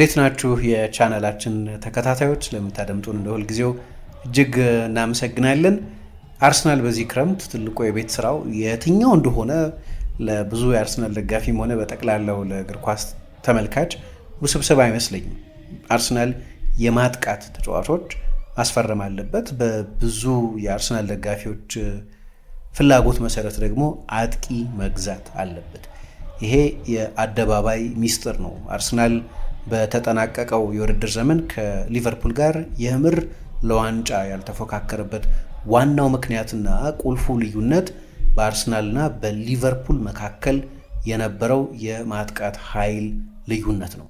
እንዴት ናችሁ? የቻናላችን ተከታታዮች ለምታደምጡን እንደ ሁልጊዜው እጅግ እናመሰግናለን። አርሰናል በዚህ ክረምት ትልቁ የቤት ስራው የትኛው እንደሆነ ለብዙ የአርሰናል ደጋፊም ሆነ በጠቅላላው ለእግር ኳስ ተመልካች ውስብስብ አይመስለኝም። አርሰናል የማጥቃት ተጫዋቾች ማስፈረም አለበት። በብዙ የአርሰናል ደጋፊዎች ፍላጎት መሰረት ደግሞ አጥቂ መግዛት አለበት። ይሄ የአደባባይ ሚስጥር ነው። አርሰናል በተጠናቀቀው የውድድር ዘመን ከሊቨርፑል ጋር የምር ለዋንጫ ያልተፎካከረበት ዋናው ምክንያትና ቁልፉ ልዩነት በአርሰናልና በሊቨርፑል መካከል የነበረው የማጥቃት ኃይል ልዩነት ነው።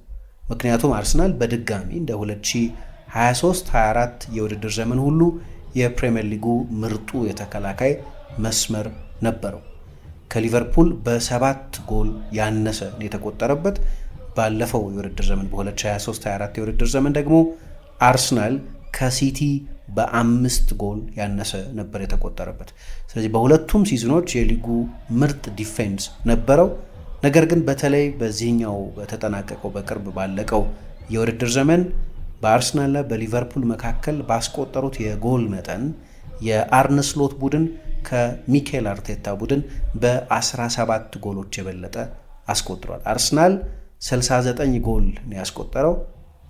ምክንያቱም አርሰናል በድጋሚ እንደ 2023/24 የውድድር ዘመን ሁሉ የፕሪምየር ሊጉ ምርጡ የተከላካይ መስመር ነበረው። ከሊቨርፑል በሰባት ጎል ያነሰ የተቆጠረበት ባለፈው የውድድር ዘመን በ2023/24 የውድድር ዘመን ደግሞ አርሰናል ከሲቲ በአምስት ጎል ያነሰ ነበር የተቆጠረበት። ስለዚህ በሁለቱም ሲዝኖች የሊጉ ምርጥ ዲፌንስ ነበረው። ነገር ግን በተለይ በዚህኛው በተጠናቀቀው በቅርብ ባለቀው የውድድር ዘመን በአርሰናልና በሊቨርፑል መካከል ባስቆጠሩት የጎል መጠን የአርንስሎት ቡድን ከሚኬል አርቴታ ቡድን በ17 ጎሎች የበለጠ አስቆጥሯል። አርሰናል 69 ጎል ነው ያስቆጠረው።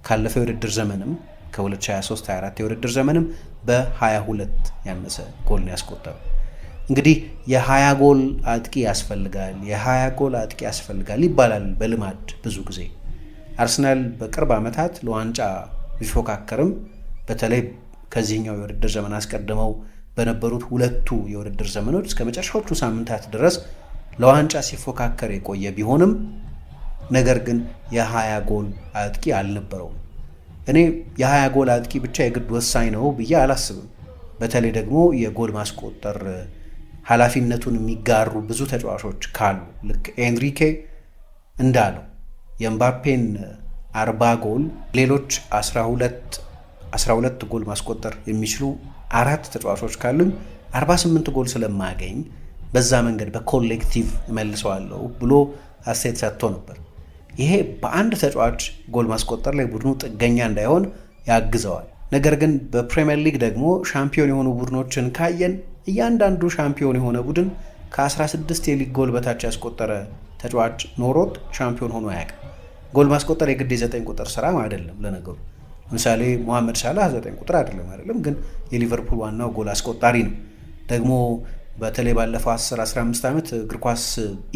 ካለፈው የውድድር ዘመንም ከ2023/24 የውድድር ዘመንም በ22 ያነሰ ጎል ነው ያስቆጠረው። እንግዲህ የ20 ጎል አጥቂ ያስፈልጋል፣ የ20 ጎል አጥቂ ያስፈልጋል ይባላል በልማድ ብዙ ጊዜ። አርሰናል በቅርብ ዓመታት ለዋንጫ ቢፎካከርም በተለይ ከዚህኛው የውድድር ዘመን አስቀድመው በነበሩት ሁለቱ የውድድር ዘመኖች እስከ መጨረሻዎቹ ሳምንታት ድረስ ለዋንጫ ሲፎካከር የቆየ ቢሆንም ነገር ግን የሀያ ጎል አጥቂ አልነበረውም። እኔ የሀያ ጎል አጥቂ ብቻ የግድ ወሳኝ ነው ብዬ አላስብም። በተለይ ደግሞ የጎል ማስቆጠር ኃላፊነቱን የሚጋሩ ብዙ ተጫዋቾች ካሉ ልክ ኤንሪኬ እንዳለው የምባፔን አርባ ጎል ሌሎች 12 ጎል ማስቆጠር የሚችሉ አራት ተጫዋቾች ካሉኝ 48 ጎል ስለማገኝ በዛ መንገድ በኮሌክቲቭ እመልሰዋለሁ ብሎ አስተያየት ሰጥቶ ነበር። ይሄ በአንድ ተጫዋች ጎል ማስቆጠር ላይ ቡድኑ ጥገኛ እንዳይሆን ያግዘዋል። ነገር ግን በፕሪምየር ሊግ ደግሞ ሻምፒዮን የሆኑ ቡድኖችን ካየን እያንዳንዱ ሻምፒዮን የሆነ ቡድን ከ16 የሊግ ጎል በታች ያስቆጠረ ተጫዋች ኖሮት ሻምፒዮን ሆኖ አያውቅም። ጎል ማስቆጠር የግድ የ9 ቁጥር ስራም አይደለም። ለነገሩ ለምሳሌ ሞሐመድ ሳላህ 9 ቁጥር አይደለም አይደለም፣ ግን የሊቨርፑል ዋናው ጎል አስቆጣሪ ነው። ደግሞ በተለይ ባለፈው 10 15 ዓመት እግር ኳስ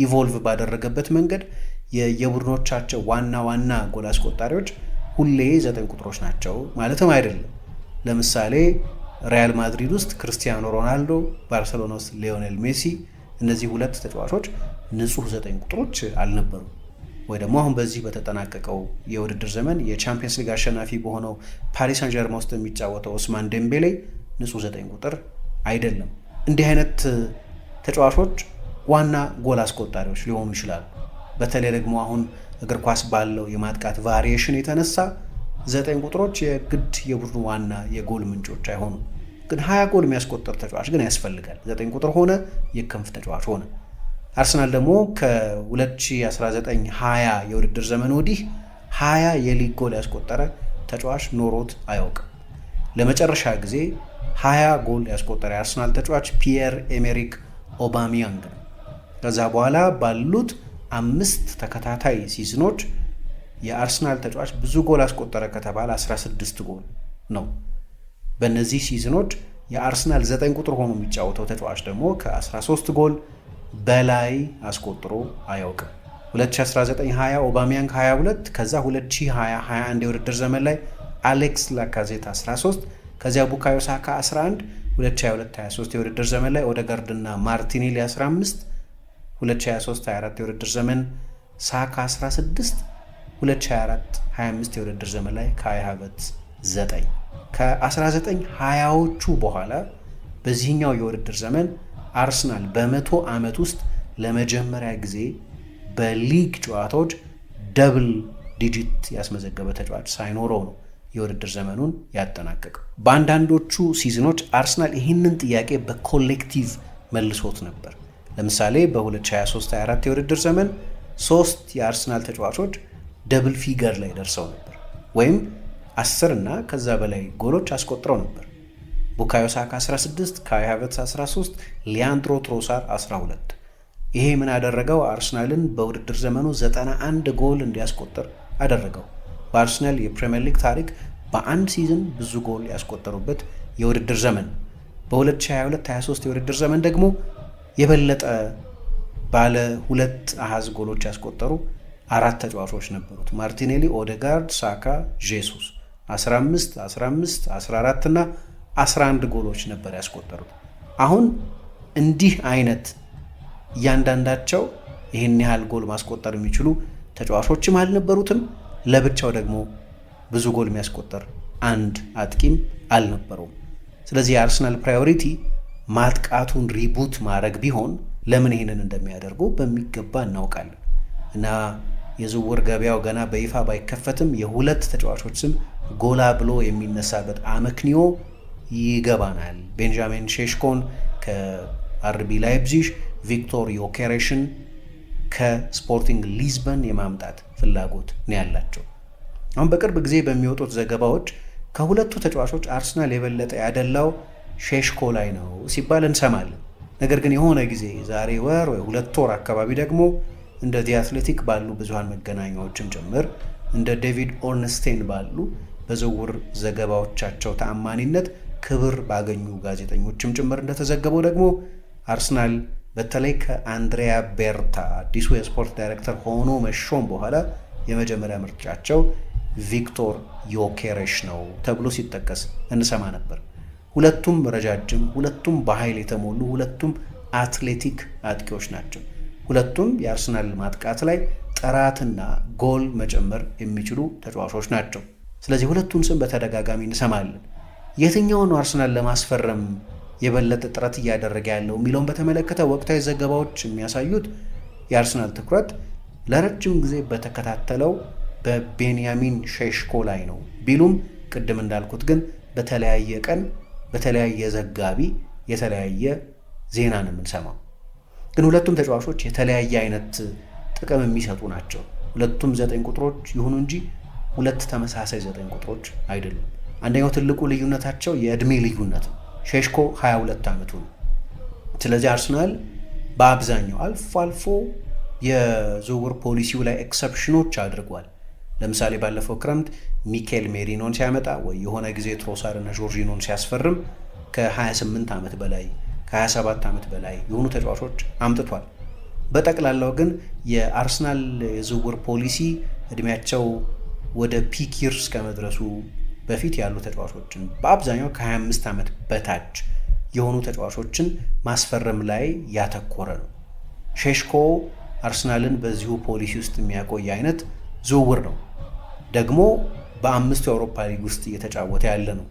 ኢቮልቭ ባደረገበት መንገድ የቡድኖቻቸው ዋና ዋና ጎል አስቆጣሪዎች ሁሌ ዘጠኝ ቁጥሮች ናቸው ማለትም አይደለም። ለምሳሌ ሪያል ማድሪድ ውስጥ ክርስቲያኖ ሮናልዶ፣ ባርሰሎና ውስጥ ሊዮኔል ሜሲ፣ እነዚህ ሁለት ተጫዋቾች ንጹህ ዘጠኝ ቁጥሮች አልነበሩም። ወይ ደግሞ አሁን በዚህ በተጠናቀቀው የውድድር ዘመን የቻምፒየንስ ሊግ አሸናፊ በሆነው ፓሪስ ሳንጀርማ ውስጥ የሚጫወተው ኦስማን ዴምቤሌ ንጹህ ዘጠኝ ቁጥር አይደለም። እንዲህ አይነት ተጫዋቾች ዋና ጎል አስቆጣሪዎች ሊሆኑ ይችላሉ። በተለይ ደግሞ አሁን እግር ኳስ ባለው የማጥቃት ቫሪዬሽን የተነሳ ዘጠኝ ቁጥሮች የግድ የቡድኑ ዋና የጎል ምንጮች አይሆኑም። ግን ሀያ ጎል የሚያስቆጠር ተጫዋች ግን ያስፈልጋል። ዘጠኝ ቁጥር ሆነ የክንፍ ተጫዋች ሆነ። አርሰናል ደግሞ ከ2019 20 የውድድር ዘመን ወዲህ ሀያ የሊግ ጎል ያስቆጠረ ተጫዋች ኖሮት አያውቅም። ለመጨረሻ ጊዜ ሀያ ጎል ያስቆጠረ የአርሰናል ተጫዋች ፒየር ኤሜሪክ ኦባሚያንግ ነው። ከዛ በኋላ ባሉት አምስት ተከታታይ ሲዝኖች የአርሰናል ተጫዋች ብዙ ጎል አስቆጠረ ከተባለ 16 ጎል ነው። በእነዚህ ሲዝኖች የአርሰናል 9 ቁጥር ሆኖ የሚጫወተው ተጫዋች ደግሞ ከ13 ጎል በላይ አስቆጥሮ አያውቅም። 2019/20 ኦባሚያንግ 22፣ ከዛ 2020/21 የውድድር ዘመን ላይ አሌክስ ላካዜት 13፣ ከዚያ ቡካዮ ሳካ 11፣ 2022/23 የውድድር ዘመን ላይ ኦደጋርድና ማርቲኔሊ 15 2023/24 የውድድር ዘመን ሳካ 16 2024/25 የውድድር ዘመን ላይ ከ20 ዓመት 9 ከ1920ዎቹ በኋላ በዚህኛው የውድድር ዘመን አርሰናል በመቶ ዓመት ውስጥ ለመጀመሪያ ጊዜ በሊግ ጨዋታዎች ደብል ዲጂት ያስመዘገበ ተጫዋች ሳይኖረው ነው የውድድር ዘመኑን ያጠናቀቀው። በአንዳንዶቹ ሲዝኖች አርሰናል ይህንን ጥያቄ በኮሌክቲቭ መልሶት ነበር። ለምሳሌ በ2023/24 የውድድር ዘመን ሶስት የአርሰናል ተጫዋቾች ደብል ፊገር ላይ ደርሰው ነበር ወይም 10 እና ከዛ በላይ ጎሎች አስቆጥረው ነበር። ቡካዮ ሳካ 16፣ ካይ ሃቨርትስ 13፣ ሊያንድሮ ትሮሳር 12። ይሄ ምን አደረገው? አርሰናልን በውድድር ዘመኑ 91 ጎል እንዲያስቆጥር አደረገው። በአርሰናል የፕሪምየር ሊግ ታሪክ በአንድ ሲዝን ብዙ ጎል ያስቆጠሩበት የውድድር ዘመን። በ2022/23 የውድድር ዘመን ደግሞ የበለጠ ባለ ሁለት አሃዝ ጎሎች ያስቆጠሩ አራት ተጫዋቾች ነበሩት። ማርቲኔሊ፣ ኦደጋርድ፣ ሳካ፣ ጄሱስ 15 15 14 እና 11 ጎሎች ነበር ያስቆጠሩት። አሁን እንዲህ አይነት እያንዳንዳቸው ይህን ያህል ጎል ማስቆጠር የሚችሉ ተጫዋቾችም አልነበሩትም። ለብቻው ደግሞ ብዙ ጎል የሚያስቆጠር አንድ አጥቂም አልነበረውም። ስለዚህ የአርሰናል ፕራዮሪቲ ማጥቃቱን ሪቡት ማድረግ ቢሆን ለምን ይህንን እንደሚያደርጉ በሚገባ እናውቃለን እና የዝውውር ገበያው ገና በይፋ ባይከፈትም የሁለት ተጫዋቾች ስም ጎላ ብሎ የሚነሳበት አመክንዮ ይገባናል። ቤንጃሚን ሼሽኮን ከአርቢ ላይፕዚሽ፣ ቪክቶር ዮኬሬሽን ከስፖርቲንግ ሊዝበን የማምጣት ፍላጎት ነው ያላቸው። አሁን በቅርብ ጊዜ በሚወጡት ዘገባዎች ከሁለቱ ተጫዋቾች አርሰናል የበለጠ ያደላው ሼሽኮ ላይ ነው ሲባል እንሰማለን። ነገር ግን የሆነ ጊዜ ዛሬ ወር ወይ ሁለት ወር አካባቢ ደግሞ እንደ ዲ አትሌቲክ ባሉ ብዙሃን መገናኛዎችም ጭምር እንደ ዴቪድ ኦርንስቴን ባሉ በዝውውር ዘገባዎቻቸው ተአማኒነት ክብር ባገኙ ጋዜጠኞችም ጭምር እንደተዘገበው ደግሞ አርሰናል በተለይ ከአንድሪያ ቤርታ አዲሱ የስፖርት ዳይሬክተር ሆኖ መሾም በኋላ የመጀመሪያ ምርጫቸው ቪክቶር ዮኬሬሽ ነው ተብሎ ሲጠቀስ እንሰማ ነበር። ሁለቱም ረጃጅም፣ ሁለቱም በኃይል የተሞሉ ሁለቱም አትሌቲክ አጥቂዎች ናቸው። ሁለቱም የአርሰናል ማጥቃት ላይ ጥራትና ጎል መጨመር የሚችሉ ተጫዋቾች ናቸው። ስለዚህ ሁለቱን ስም በተደጋጋሚ እንሰማለን። የትኛውን አርሰናል ለማስፈረም የበለጠ ጥረት እያደረገ ያለው የሚለውን በተመለከተ ወቅታዊ ዘገባዎች የሚያሳዩት የአርሰናል ትኩረት ለረጅም ጊዜ በተከታተለው በቤንያሚን ሼሽኮ ላይ ነው ቢሉም ቅድም እንዳልኩት ግን በተለያየ ቀን በተለያየ ዘጋቢ የተለያየ ዜና ነው የምንሰማው። ግን ሁለቱም ተጫዋቾች የተለያየ አይነት ጥቅም የሚሰጡ ናቸው። ሁለቱም ዘጠኝ ቁጥሮች ይሁኑ እንጂ ሁለት ተመሳሳይ ዘጠኝ ቁጥሮች አይደሉም። አንደኛው ትልቁ ልዩነታቸው የእድሜ ልዩነት ነው። ሼሽኮ 22 ዓመቱ ነው። ስለዚህ አርሰናል በአብዛኛው አልፎ አልፎ የዝውውር ፖሊሲው ላይ ኤክሰፕሽኖች አድርጓል። ለምሳሌ ባለፈው ክረምት ሚኬል ሜሪኖን ሲያመጣ ወይ የሆነ ጊዜ ትሮሳርና ጆርጂኖን ሲያስፈርም ከ28 ዓመት በላይ ከ27 ዓመት በላይ የሆኑ ተጫዋቾች አምጥቷል። በጠቅላላው ግን የአርሰናል የዝውውር ፖሊሲ እድሜያቸው ወደ ፒኪርስ ከመድረሱ በፊት ያሉ ተጫዋቾችን በአብዛኛው ከ25 ዓመት በታች የሆኑ ተጫዋቾችን ማስፈረም ላይ ያተኮረ ነው። ሼሽኮ አርሰናልን በዚሁ ፖሊሲ ውስጥ የሚያቆይ አይነት ዝውውር ነው ደግሞ በአምስቱ የአውሮፓ ሊግ ውስጥ እየተጫወተ ያለ ነው።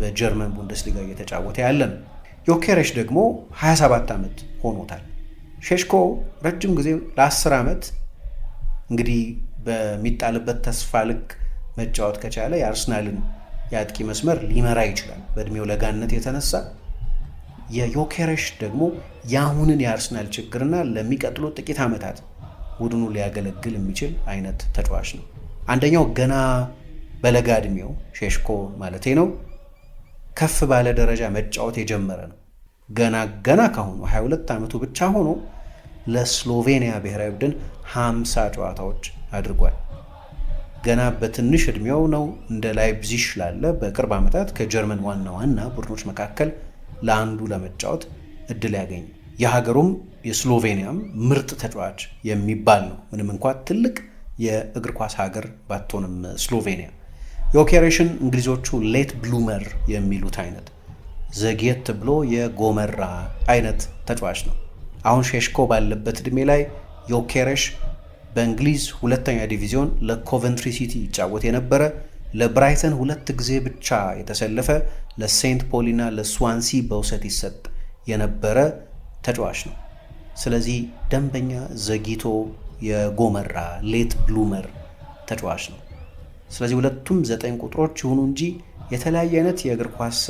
በጀርመን ቡንደስሊጋ እየተጫወተ ያለ ነው። ዮኬሬሽ ደግሞ 27 ዓመት ሆኖታል። ሼሽኮ ረጅም ጊዜ ለ10 ዓመት እንግዲህ በሚጣልበት ተስፋ ልክ መጫወት ከቻለ የአርሰናልን የአጥቂ መስመር ሊመራ ይችላል። በእድሜው ለጋነት የተነሳ የዮኬሬሽ ደግሞ የአሁንን የአርሰናል ችግርና ለሚቀጥሉት ጥቂት ዓመታት ቡድኑ ሊያገለግል የሚችል አይነት ተጫዋች ነው። አንደኛው ገና በለጋ እድሜው ሼሽኮ ማለቴ ነው ከፍ ባለ ደረጃ መጫወት የጀመረ ነው። ገና ገና ካሁኑ 22 ዓመቱ ብቻ ሆኖ ለስሎቬኒያ ብሔራዊ ቡድን 50 ጨዋታዎች አድርጓል። ገና በትንሽ እድሜው ነው እንደ ላይፕዚሽ ላለ በቅርብ ዓመታት ከጀርመን ዋና ዋና ቡድኖች መካከል ለአንዱ ለመጫወት እድል ያገኝ የሀገሩም የስሎቬኒያም ምርጥ ተጫዋች የሚባል ነው። ምንም እንኳ ትልቅ የእግር ኳስ ሀገር ባትሆንም ስሎቬኒያ ዮኬሬሽን እንግሊዞቹ ሌት ብሉመር የሚሉት አይነት ዘግየት ብሎ የጎመራ አይነት ተጫዋች ነው። አሁን ሼሽኮ ባለበት እድሜ ላይ ዮኬሬሽ በእንግሊዝ ሁለተኛ ዲቪዚዮን ለኮቨንትሪ ሲቲ ይጫወት የነበረ ለብራይተን ሁለት ጊዜ ብቻ የተሰለፈ ለሴንት ፖሊና ለስዋንሲ በውሰት ይሰጥ የነበረ ተጫዋች ነው። ስለዚህ ደንበኛ ዘግይቶ የጎመራ ሌት ብሉመር ተጫዋች ነው። ስለዚህ ሁለቱም ዘጠኝ ቁጥሮች ይሁኑ እንጂ የተለያየ አይነት የእግር ኳስ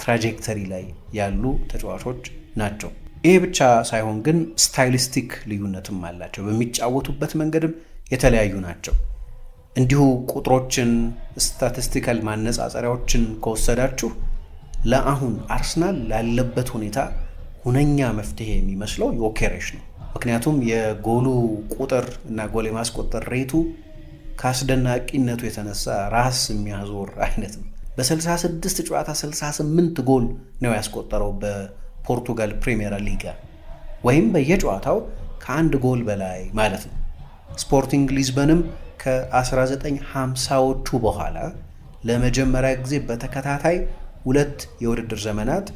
ትራጀክተሪ ላይ ያሉ ተጫዋቾች ናቸው። ይሄ ብቻ ሳይሆን ግን ስታይሊስቲክ ልዩነትም አላቸው። በሚጫወቱበት መንገድም የተለያዩ ናቸው። እንዲሁ ቁጥሮችን ስታቲስቲካል ማነጻጸሪያዎችን ከወሰዳችሁ ለአሁን አርሰናል ላለበት ሁኔታ ሁነኛ መፍትሄ የሚመስለው ዮኬሬሽ ነው። ምክንያቱም የጎሉ ቁጥር እና ጎል የማስቆጠር ሬቱ ከአስደናቂነቱ የተነሳ ራስ የሚያዞር አይነት ነው። በ66 ጨዋታ 68 ጎል ነው ያስቆጠረው በፖርቱጋል ፕሪሚየር ሊጋ ወይም በየጨዋታው ከአንድ ጎል በላይ ማለት ነው። ስፖርቲንግ ሊዝበንም ከ1950ዎቹ በኋላ ለመጀመሪያ ጊዜ በተከታታይ ሁለት የውድድር ዘመናት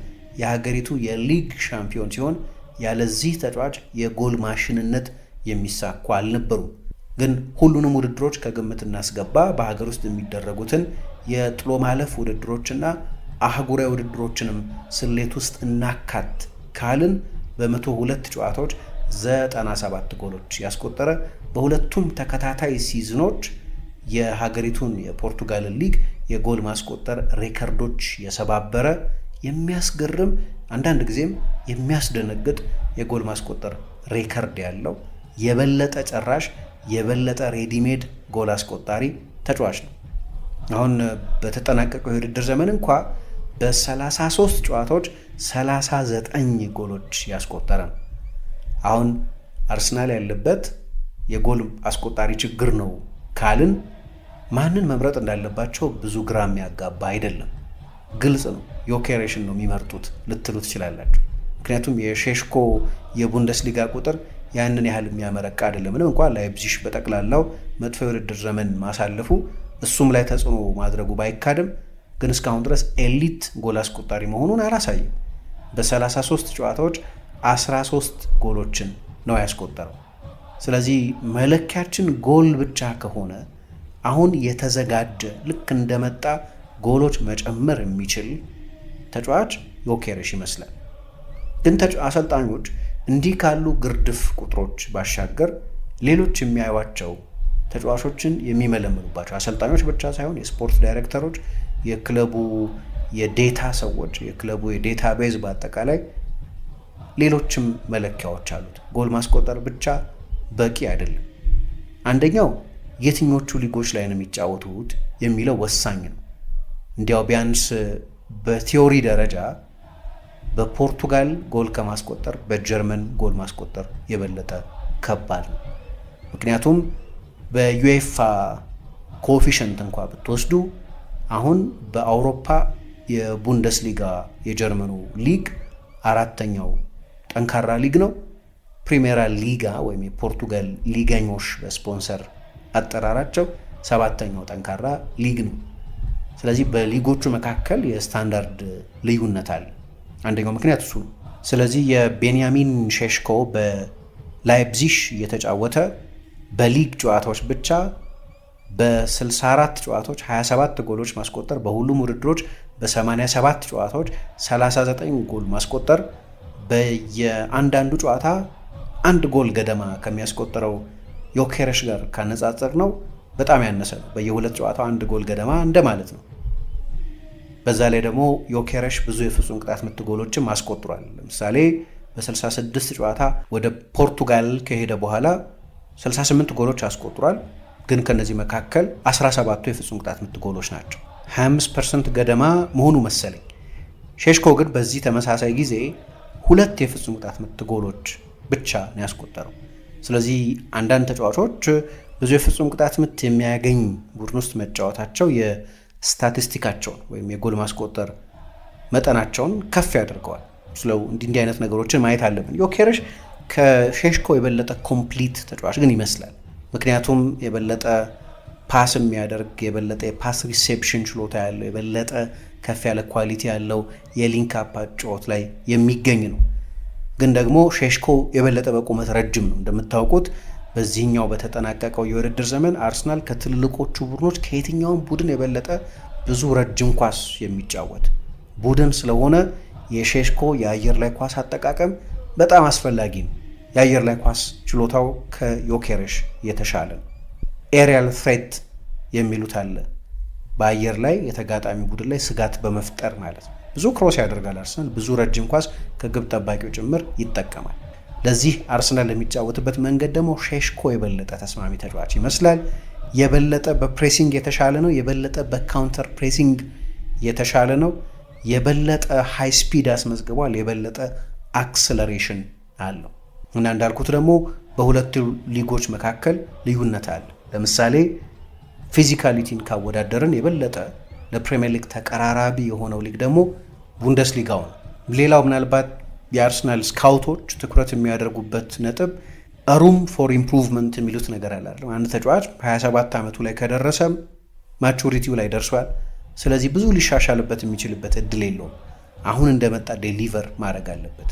የሀገሪቱ የሊግ ሻምፒዮን ሲሆን ያለዚህ ተጫዋች የጎል ማሽንነት የሚሳኩ አልነበሩም። ግን ሁሉንም ውድድሮች ከግምት እናስገባ። በሀገር ውስጥ የሚደረጉትን የጥሎ ማለፍ ውድድሮችና አህጉራዊ ውድድሮችንም ስሌት ውስጥ እናካት ካልን በመቶ ሁለት ጨዋታዎች 97 ጎሎች ያስቆጠረ በሁለቱም ተከታታይ ሲዝኖች የሀገሪቱን የፖርቱጋልን ሊግ የጎል ማስቆጠር ሬከርዶች የሰባበረ የሚያስገርም አንዳንድ ጊዜም የሚያስደነግጥ የጎል ማስቆጠር ሬከርድ ያለው የበለጠ ጨራሽ የበለጠ ሬዲሜድ ጎል አስቆጣሪ ተጫዋች ነው። አሁን በተጠናቀቀው የውድድር ዘመን እንኳ በ33 ጨዋታዎች 39 ጎሎች ያስቆጠረ ነው። አሁን አርሰናል ያለበት የጎል አስቆጣሪ ችግር ነው ካልን ማንን መምረጥ እንዳለባቸው ብዙ ግራ የሚያጋባ አይደለም። ግልጽ ነው። ዮኬሬሽን ነው የሚመርጡት ልትሉ ትችላላችሁ። ምክንያቱም የሼሽኮ የቡንደስሊጋ ቁጥር ያንን ያህል የሚያመረቃ አይደለም። ምንም እንኳን ላይፕዚሽ በጠቅላላው መጥፎ የውድድር ዘመን ማሳለፉ እሱም ላይ ተጽዕኖ ማድረጉ ባይካድም ግን እስካሁን ድረስ ኤሊት ጎል አስቆጣሪ መሆኑን አላሳይም። በ33 ጨዋታዎች 13 ጎሎችን ነው ያስቆጠረው። ስለዚህ መለኪያችን ጎል ብቻ ከሆነ አሁን የተዘጋጀ ልክ እንደመጣ ጎሎች መጨመር የሚችል ተጫዋች ዮኬርሽ ይመስላል። ግን አሰልጣኞች እንዲህ ካሉ ግርድፍ ቁጥሮች ባሻገር ሌሎች የሚያዩቸው ተጫዋቾችን የሚመለምሉባቸው አሰልጣኞች ብቻ ሳይሆን የስፖርት ዳይሬክተሮች፣ የክለቡ የዴታ ሰዎች፣ የክለቡ የዴታ ቤዝ በአጠቃላይ ሌሎችም መለኪያዎች አሉት። ጎል ማስቆጠር ብቻ በቂ አይደለም። አንደኛው የትኞቹ ሊጎች ላይ ነው የሚጫወቱት የሚለው ወሳኝ ነው። እንዲያው ቢያንስ በቲዮሪ ደረጃ በፖርቱጋል ጎል ከማስቆጠር በጀርመን ጎል ማስቆጠር የበለጠ ከባድ ነው። ምክንያቱም በዩኤፋ ኮኤፊሽንት እንኳ ብትወስዱ አሁን በአውሮፓ የቡንደስሊጋ የጀርመኑ ሊግ አራተኛው ጠንካራ ሊግ ነው። ፕሪሜራ ሊጋ ወይም የፖርቱጋል ሊገኞች በስፖንሰር አጠራራቸው ሰባተኛው ጠንካራ ሊግ ነው። ስለዚህ በሊጎቹ መካከል የስታንዳርድ ልዩነት አለ። አንደኛው ምክንያት እሱ ነው። ስለዚህ የቤንያሚን ሼሽኮ በላይፕዚሽ እየተጫወተ በሊግ ጨዋታዎች ብቻ በ64 ጨዋታዎች 27 ጎሎች ማስቆጠር፣ በሁሉም ውድድሮች በ87 ጨዋታዎች 39 ጎል ማስቆጠር በየአንዳንዱ ጨዋታ አንድ ጎል ገደማ ከሚያስቆጠረው ዮኬረሽ ጋር ካነጻጸር ነው በጣም ያነሰ ነው። በየሁለት ጨዋታው አንድ ጎል ገደማ እንደማለት ነው። በዛ ላይ ደግሞ ዮኬረሽ ብዙ የፍጹም ቅጣት ምት ጎሎችም አስቆጥሯል። ለምሳሌ በ66 ጨዋታ ወደ ፖርቱጋል ከሄደ በኋላ 68 ጎሎች አስቆጥሯል። ግን ከነዚህ መካከል 17ቱ የፍጹም ቅጣት ምት ጎሎች ናቸው። 25 ፐርሰንት ገደማ መሆኑ መሰለኝ። ሼሽኮ ግን በዚህ ተመሳሳይ ጊዜ ሁለት የፍጹም ቅጣት ምት ጎሎች ብቻ ነው ያስቆጠረው። ስለዚህ አንዳንድ ተጫዋቾች ብዙ የፍጹም ቅጣት ምት የሚያገኝ ቡድን ውስጥ መጫወታቸው ስታቲስቲካቸውን ወይም የጎል ማስቆጠር መጠናቸውን ከፍ ያደርገዋል። ስለው እንዲህ አይነት ነገሮችን ማየት አለብን። ዮኬሬሽ ከሼሽኮ የበለጠ ኮምፕሊት ተጫዋች ግን ይመስላል። ምክንያቱም የበለጠ ፓስ የሚያደርግ የበለጠ የፓስ ሪሴፕሽን ችሎታ ያለው የበለጠ ከፍ ያለ ኳሊቲ ያለው የሊንክ አፕ ጨዋታ ላይ የሚገኝ ነው። ግን ደግሞ ሼሽኮ የበለጠ በቁመት ረጅም ነው እንደምታውቁት በዚህኛው በተጠናቀቀው የውድድር ዘመን አርሰናል ከትልልቆቹ ቡድኖች ከየትኛውም ቡድን የበለጠ ብዙ ረጅም ኳስ የሚጫወት ቡድን ስለሆነ የሼሽኮ የአየር ላይ ኳስ አጠቃቀም በጣም አስፈላጊ ነው። የአየር ላይ ኳስ ችሎታው ከዮኬሬሽ የተሻለ ነው። ኤሪያል ፍሬት የሚሉት አለ። በአየር ላይ የተጋጣሚ ቡድን ላይ ስጋት በመፍጠር ማለት ነው። ብዙ ክሮስ ያደርጋል አርሰናል፣ ብዙ ረጅም ኳስ ከግብ ጠባቂው ጭምር ይጠቀማል። ለዚህ አርሰናል የሚጫወትበት መንገድ ደግሞ ሼሽኮ የበለጠ ተስማሚ ተጫዋች ይመስላል። የበለጠ በፕሬሲንግ የተሻለ ነው። የበለጠ በካውንተር ፕሬሲንግ የተሻለ ነው። የበለጠ ሃይ ስፒድ አስመዝግቧል። የበለጠ አክሰለሬሽን አለው እና እንዳልኩት ደግሞ በሁለቱ ሊጎች መካከል ልዩነት አለ። ለምሳሌ ፊዚካሊቲን ካወዳደርን የበለጠ ለፕሪሚየር ሊግ ተቀራራቢ የሆነው ሊግ ደግሞ ቡንደስሊጋው ነው። ሌላው ምናልባት የአርሰናል ስካውቶች ትኩረት የሚያደርጉበት ነጥብ ሩም ፎር ኢምፕሩቭመንት የሚሉት ነገር አለ። አንድ ተጫዋች 27 ዓመቱ ላይ ከደረሰ ማቹሪቲው ላይ ደርሷል። ስለዚህ ብዙ ሊሻሻልበት የሚችልበት እድል የለውም። አሁን እንደመጣ ዴሊቨር ማድረግ አለበት።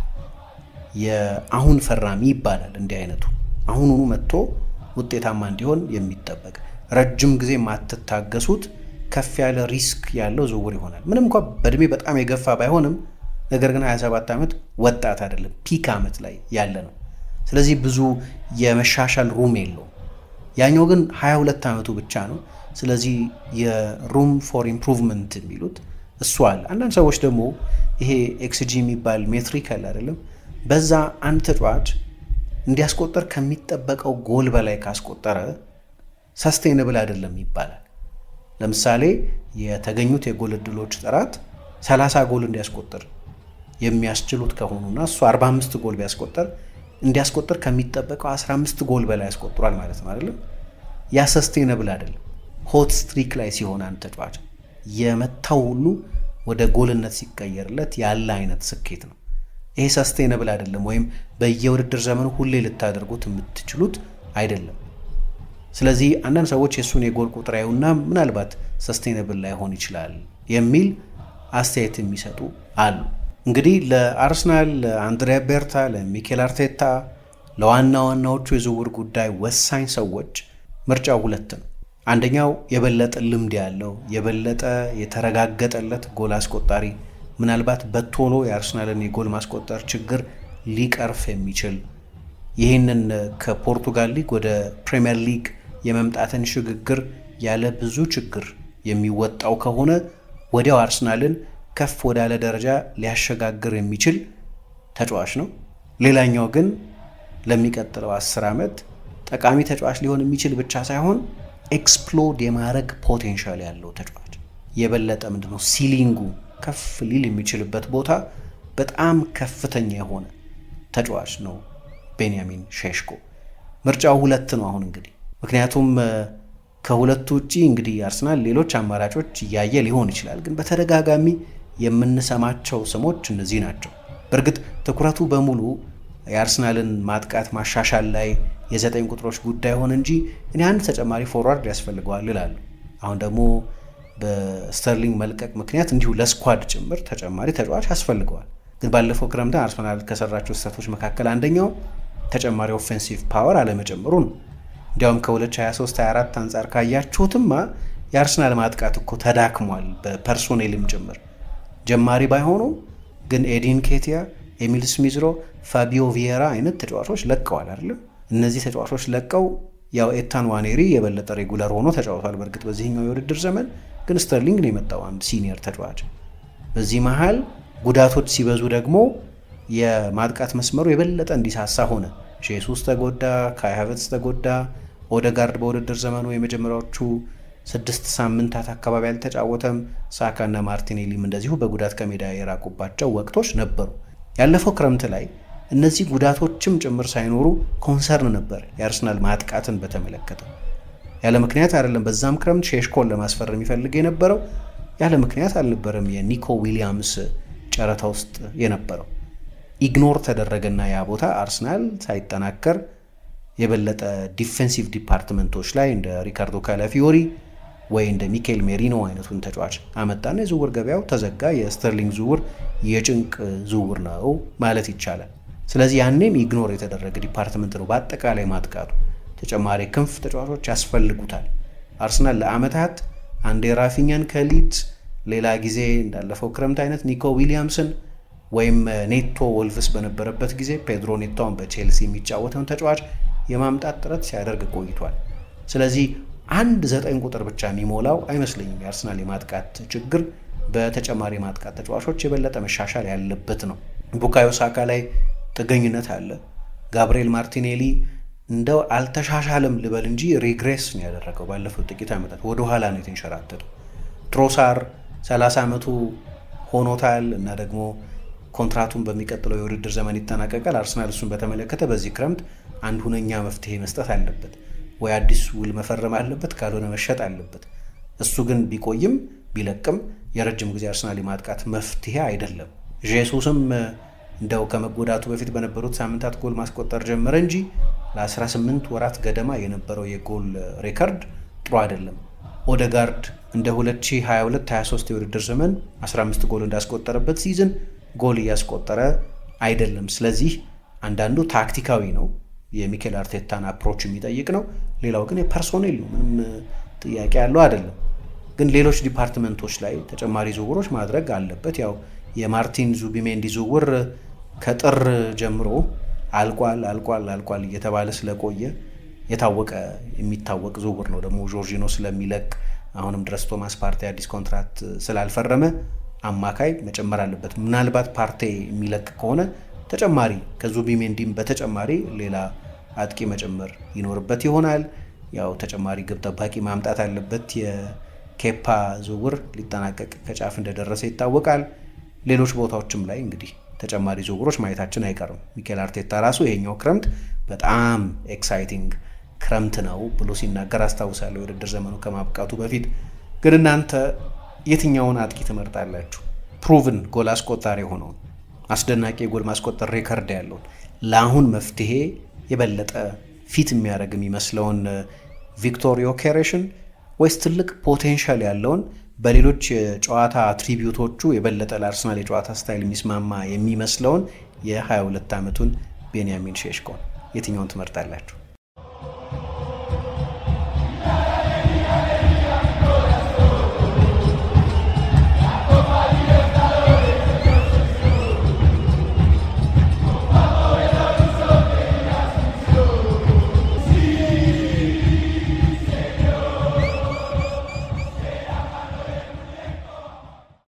የአሁን ፈራሚ ይባላል። እንዲህ አይነቱ አሁኑኑ መጥቶ ውጤታማ እንዲሆን የሚጠበቅ ረጅም ጊዜ ማትታገሱት ከፍ ያለ ሪስክ ያለው ዝውውር ይሆናል። ምንም እንኳ በእድሜ በጣም የገፋ ባይሆንም ነገር ግን 27 ዓመት ወጣት አይደለም፣ ፒክ ዓመት ላይ ያለ ነው። ስለዚህ ብዙ የመሻሻል ሩም የለውም። ያኛው ግን 22 ዓመቱ ብቻ ነው። ስለዚህ የሩም ፎር ኢምፕሩቭመንት የሚሉት እሱ አለ። አንዳንድ ሰዎች ደግሞ ይሄ ኤክስጂ የሚባል ሜትሪክ አለ አይደለም፣ በዛ አንድ ተጫዋች እንዲያስቆጠር ከሚጠበቀው ጎል በላይ ካስቆጠረ ሰስቴንብል አይደለም ይባላል። ለምሳሌ የተገኙት የጎል እድሎች ጥራት 30 ጎል እንዲያስቆጥር የሚያስችሉት ከሆኑና እሱ 45 ጎል ቢያስቆጠር እንዲያስቆጥር ከሚጠበቀው 15 ጎል በላይ ያስቆጥሯል ማለት ነው አይደለም። ያ ሰስቴነብል አይደለም። ሆት ስትሪክ ላይ ሲሆን አንድ ተጫዋች የመታው ሁሉ ወደ ጎልነት ሲቀየርለት ያለ አይነት ስኬት ነው። ይሄ ሰስቴነብል አይደለም፣ ወይም በየውድድር ዘመኑ ሁሌ ልታደርጉት የምትችሉት አይደለም። ስለዚህ አንዳንድ ሰዎች የእሱን የጎል ቁጥር ያዩና ምናልባት ሰስቴነብል ላይሆን ይችላል የሚል አስተያየት የሚሰጡ አሉ። እንግዲህ ለአርሰናል ለአንድሪያ ቤርታ፣ ለሚኬል አርቴታ፣ ለዋና ዋናዎቹ የዝውውር ጉዳይ ወሳኝ ሰዎች ምርጫው ሁለት ነው። አንደኛው የበለጠ ልምድ ያለው የበለጠ የተረጋገጠለት ጎል አስቆጣሪ ምናልባት በቶሎ የአርሰናልን የጎል ማስቆጠር ችግር ሊቀርፍ የሚችል ይህንን ከፖርቱጋል ሊግ ወደ ፕሪምየር ሊግ የመምጣትን ሽግግር ያለ ብዙ ችግር የሚወጣው ከሆነ ወዲያው አርሰናልን ከፍ ወዳለ ደረጃ ሊያሸጋግር የሚችል ተጫዋች ነው። ሌላኛው ግን ለሚቀጥለው አስር ዓመት ጠቃሚ ተጫዋች ሊሆን የሚችል ብቻ ሳይሆን ኤክስፕሎድ የማድረግ ፖቴንሻል ያለው ተጫዋች የበለጠ ምንድነው ሲሊንጉ ከፍ ሊል የሚችልበት ቦታ በጣም ከፍተኛ የሆነ ተጫዋች ነው ቤንያሚን ሼሽኮ። ምርጫው ሁለት ነው አሁን እንግዲህ ምክንያቱም ከሁለቱ ውጪ እንግዲህ አርሰናል ሌሎች አማራጮች እያየ ሊሆን ይችላል። ግን በተደጋጋሚ የምንሰማቸው ስሞች እነዚህ ናቸው። በእርግጥ ትኩረቱ በሙሉ የአርሰናልን ማጥቃት ማሻሻል ላይ የዘጠኝ ቁጥሮች ጉዳይ ሆን እንጂ እኔ አንድ ተጨማሪ ፎርዋርድ ያስፈልገዋል ይላሉ። አሁን ደግሞ በስተርሊንግ መልቀቅ ምክንያት እንዲሁ ለስኳድ ጭምር ተጨማሪ ተጫዋች ያስፈልገዋል። ግን ባለፈው ክረምት አርሰናል ከሰራቸው ስህተቶች መካከል አንደኛው ተጨማሪ ኦፌንሲቭ ፓወር አለመጨመሩ ነው። እንዲያውም ከ2023/24 አንጻር ካያችሁትማ የአርሰናል ማጥቃት እኮ ተዳክሟል፣ በፐርሶኔልም ጭምር ጀማሪ ባይሆኑም ግን ኤዲን ኬቲያ፣ ኤሚል ስሚዝሮ፣ ፋቢዮ ቪየራ አይነት ተጫዋቾች ለቀዋል አይደለም። እነዚህ ተጫዋቾች ለቀው ያው ኤታን ዋኔሪ የበለጠ ሬጉለር ሆኖ ተጫውቷል። በእርግጥ በዚህኛው የውድድር ዘመን ግን ስተርሊንግ ነው የመጣው አንድ ሲኒየር ተጫዋች። በዚህ መሀል ጉዳቶች ሲበዙ ደግሞ የማጥቃት መስመሩ የበለጠ እንዲሳሳ ሆነ። ሼሱስ ተጎዳ፣ ካይ ሃቨርትዝ ተጎዳ፣ ኦደጋርድ በውድድር ዘመኑ የመጀመሪያዎቹ ስድስት ሳምንታት አካባቢ አልተጫወተም። ሳካና ማርቲኔሊም እንደዚሁ በጉዳት ከሜዳ የራቁባቸው ወቅቶች ነበሩ። ያለፈው ክረምት ላይ እነዚህ ጉዳቶችም ጭምር ሳይኖሩ ኮንሰርን ነበር የአርሰናል ማጥቃትን በተመለከተ ያለ ምክንያት አይደለም። በዛም ክረምት ሼሽኮን ለማስፈር የሚፈልግ የነበረው ያለ ምክንያት አልነበረም። የኒኮ ዊሊያምስ ጨረታ ውስጥ የነበረው ኢግኖር ተደረገና ያ ቦታ አርሰናል ሳይጠናከር የበለጠ ዲፌንሲቭ ዲፓርትመንቶች ላይ እንደ ሪካርዶ ካላፊዮሪ ወይ እንደ ሚካኤል ሜሪኖ አይነቱን ተጫዋች አመጣና የዝውውር ገበያው ተዘጋ። የስተርሊንግ ዝውውር የጭንቅ ዝውውር ነው ማለት ይቻላል። ስለዚህ ያኔም ኢግኖር የተደረገ ዲፓርትመንት ነው በአጠቃላይ ማጥቃቱ። ተጨማሪ ክንፍ ተጫዋቾች ያስፈልጉታል። አርሰናል ለአመታት አንዴ ራፊኛን ከሊድስ ሌላ ጊዜ እንዳለፈው ክረምት አይነት ኒኮ ዊሊያምስን ወይም ኔቶ ወልቭስ በነበረበት ጊዜ ፔድሮ ኔቶን በቼልሲ የሚጫወተውን ተጫዋች የማምጣት ጥረት ሲያደርግ ቆይቷል። ስለዚህ አንድ ዘጠኝ ቁጥር ብቻ የሚሞላው አይመስለኝም። የአርሰናል የማጥቃት ችግር በተጨማሪ ማጥቃት ተጫዋቾች የበለጠ መሻሻል ያለበት ነው። ቡካዮ ሳካ ላይ ጥገኝነት አለ። ጋብርኤል ማርቲኔሊ እንደው አልተሻሻለም ልበል እንጂ ሪግሬስ ነው ያደረገው። ባለፈው ጥቂት ዓመታት ወደኋላ ነው የተንሸራተተው። ትሮሳር 30 ዓመቱ ሆኖታል እና ደግሞ ኮንትራቱን በሚቀጥለው የውድድር ዘመን ይጠናቀቃል። አርሰናል እሱን በተመለከተ በዚህ ክረምት አንድ ሁነኛ መፍትሄ መስጠት አለበት። ወይ አዲስ ውል መፈረም አለበት፣ ካልሆነ መሸጥ አለበት። እሱ ግን ቢቆይም ቢለቅም የረጅም ጊዜ አርሰናል የማጥቃት መፍትሄ አይደለም። ጄሱስም እንደው ከመጎዳቱ በፊት በነበሩት ሳምንታት ጎል ማስቆጠር ጀመረ እንጂ ለ18 ወራት ገደማ የነበረው የጎል ሬከርድ ጥሩ አይደለም። ኦደጋርድ እንደ 2022/23 የውድድር ዘመን 15 ጎል እንዳስቆጠረበት ሲዝን ጎል እያስቆጠረ አይደለም። ስለዚህ አንዳንዱ ታክቲካዊ ነው፣ የሚኬል አርቴታን አፕሮች የሚጠይቅ ነው። ሌላው ግን የፐርሶኔል ነው። ምንም ጥያቄ ያለው አይደለም። ግን ሌሎች ዲፓርትመንቶች ላይ ተጨማሪ ዝውውሮች ማድረግ አለበት። ያው የማርቲን ዙቢሜንዲ ዝውውር ከጥር ጀምሮ አልቋል አልቋል አልቋል እየተባለ ስለቆየ የታወቀ የሚታወቅ ዝውውር ነው። ደግሞ ጆርጂኖ ስለሚለቅ አሁንም ድረስ ቶማስ ፓርቴ አዲስ ኮንትራክት ስላልፈረመ አማካይ መጨመር አለበት። ምናልባት ፓርቴ የሚለቅ ከሆነ ተጨማሪ ከዙቢሜንዲም በተጨማሪ ሌላ አጥቂ መጨመር ይኖርበት ይሆናል። ያው ተጨማሪ ግብ ጠባቂ ማምጣት አለበት። የኬፓ ዝውውር ሊጠናቀቅ ከጫፍ እንደደረሰ ይታወቃል። ሌሎች ቦታዎችም ላይ እንግዲህ ተጨማሪ ዝውውሮች ማየታችን አይቀርም። ሚኬል አርቴታ ራሱ ይሄኛው ክረምት በጣም ኤክሳይቲንግ ክረምት ነው ብሎ ሲናገር አስታውሳለሁ የውድድር ዘመኑ ከማብቃቱ በፊት። ግን እናንተ የትኛውን አጥቂ ትመርጣላችሁ? ፕሩቭን ጎል አስቆጣሪ የሆነውን አስደናቂ የጎል ማስቆጠር ሬከርድ ያለውን ለአሁን መፍትሄ የበለጠ ፊት የሚያደርግ የሚመስለውን ቪክቶር ዮኬሬሽን ወይስ ትልቅ ፖቴንሻል ያለውን በሌሎች የጨዋታ አትሪቢዩቶቹ የበለጠ ለአርሰናል የጨዋታ ስታይል የሚስማማ የሚመስለውን የ22 ዓመቱን ቤንያሚን ሼሽኮን የትኛውን ትመርጣላችሁ?